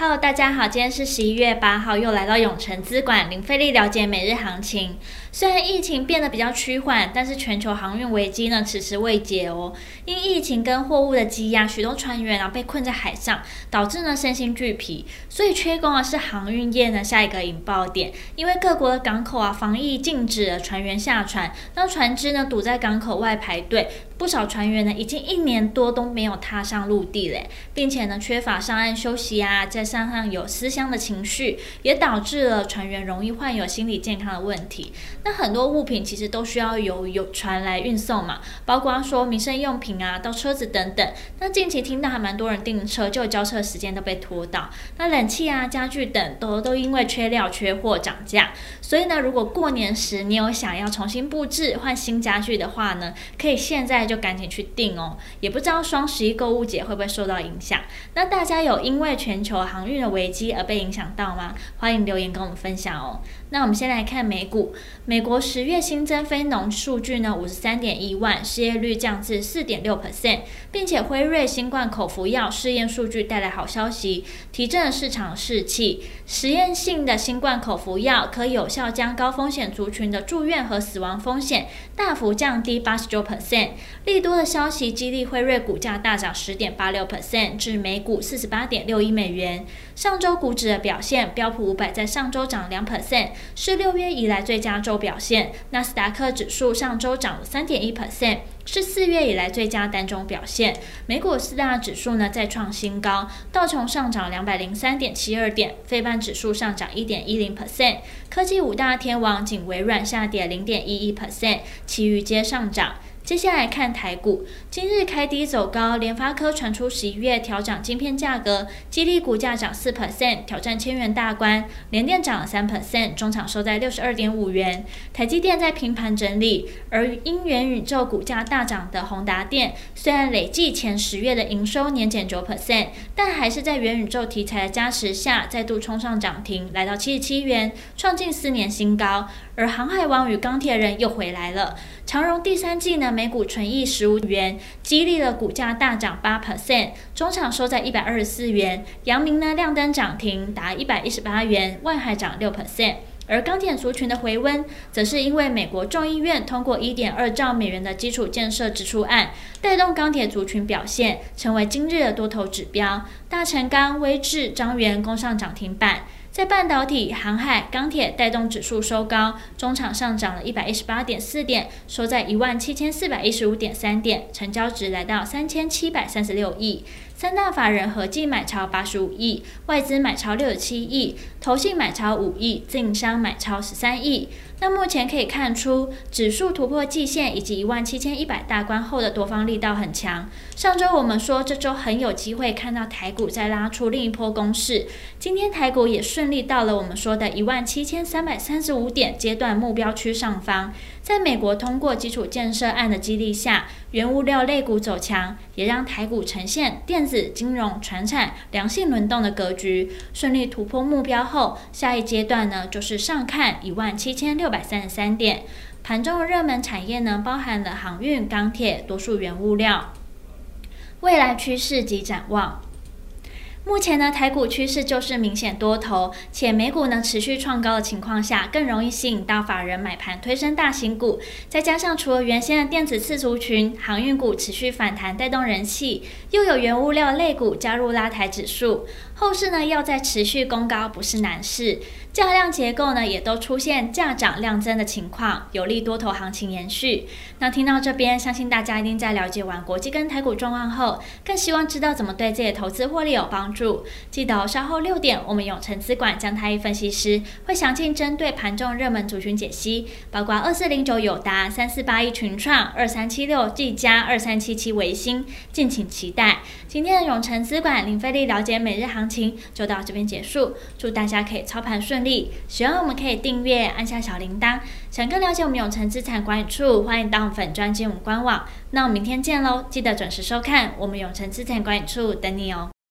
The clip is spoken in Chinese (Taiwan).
hello 大家好，今天是十一月八號，又來到永城資管，零費力了解每日行情。雖然疫情變得比較趨緩，但是全球航運危機呢遲遲未解哦。因疫情跟貨物的積壓，許多船員啊被困在海上，導致呢身心俱疲，所以缺工啊是航運業呢下一個引爆點。因為各國的港口啊防疫禁止了船員下船，當船只呢堵在港口外排隊，不少船員呢已經一年多都沒有踏上陸地嘞，並且呢缺乏上岸休息啊，在上有思鄉的情緒，也導致了船員容易患有心理健康的問題。那很多物品其實都需要由有船來運送嘛，包括說民生用品啊、到車子等等。那近期聽到還蠻多人訂車，就交車時間都被拖到。那冷氣啊、家具等都都因為缺料、缺貨漲價。所以呢，如果過年時你有想要重新布置、換新家具的話呢，可以現在就趕緊去訂哦。也不知道雙十一購物節會不會受到影響。那大家有因為全球航運的危機而被影響到嗎？歡迎留言跟我們分享哦。那我們先來看美股，美國十月新增非農數據呢五十三點一萬，失業率降至四點六 percent，並且輝瑞新冠口服藥試驗數據帶來好消息，提振了市場士氣。實驗性的新冠口服藥可有效將高風險族群的住院和死亡風險大幅降低八十九 percent。利多的消息激勵輝瑞股價大漲十點八六 percent 至每股四十八點六億美元。上週股指的表現，標普五百在上週漲兩 percent，是六月以來最佳週表現；納斯達克指數上週漲了三點一 percent，是四月以來最佳單週表現。美股四大指數呢再創新高，道瓊上漲兩百零三點七二點，費半指數上漲一點一零 percent，科技五大天王僅微軟下跌零點一一 percent，其餘皆上漲。接下來看台股，今日開低走高，聯發科傳出十一月調漲晶片價格，激勵股價漲四 percent，挑戰千元大關。聯電漲了三 percent，中場收在六十二點五元。台積電在平盤整理，而因元宇宙股價大漲的宏達電，雖然累計前十月的營收年減九 percent，但還是在元宇宙題材的加持下，再度衝上漲停，來到七十七元，創近四年新高。而航海王與鋼鐵人又回來了，長榮第三季呢？每股純益十五元，激勵了股價大漲八 percent，中場收在一百二十四元。陽明呢亮燈漲停達一百一十八元，萬海漲六 percent，而鋼鐵族群的回溫，則是因為美國眾議院通過一點二兆美元的基礎建設支出案，帶動鋼鐵族群表現，成為今日的多頭指標。大成鋼、威致、彰源攻上漲停板，在半導體、航海、鋼鐵帶動指數收高，終場上漲了一百一十八點四點，收在一萬七千四百一十五點三點，成交值來到三千七百三十六億，三大法人合計買超八十五億，外資買超六十七億，投信買超五億，自營商買超十三億。那目前可以看出，指數突破季線以及一萬七千一百大關後的多方力道很強。上周我們說，這周很有機會看到台。股再拉出另一波攻勢，今天台股也順利到了我們說的一萬七千三百三十五點階段目標區上方。在美國通過基礎建設案的激勵下，原物料類股走強，也讓台股呈現電子、金融、傳產良性輪動的格局。順利突破目標後，下一階段呢，就是上看一萬七千六百三十三點。盤中的熱門產業呢，包含了航運、鋼鐵、多數原物料。未來趨勢及展望。目前呢，台股趨勢就是明顯多頭，且美股能持續創高的情況下，更容易吸引到法人買盤推升大型股。再加上除了原先的電子次族群、航運股持續反彈帶動人氣，又有原物料類股加入拉抬指數，後市呢要再持續攻高不是難事。價量結構呢也都出現價漲量增的情況，有利多頭行情延續。那聽到這邊，相信大家一定在了解完國際跟台股狀況後，更希望知道怎麼對自己的投資獲利有幫助。助記得、哦、稍後六點，我們永誠資管將他一分析師會詳盡針對盤中熱門族群解析，包括二四零九友達、三四八一群創、二三七六技嘉二三七七微星，敬請期待。今天的永誠資管零費力了解每日行情就到這邊結束，祝大家可以操盤順利。喜歡我們可以訂閱，按下小鈴鐺。想更了解我們永誠資產管理處，歡迎到粉專進入官網。那我們明天見嘍，記得準時收看我們永誠資產管理處等你哦。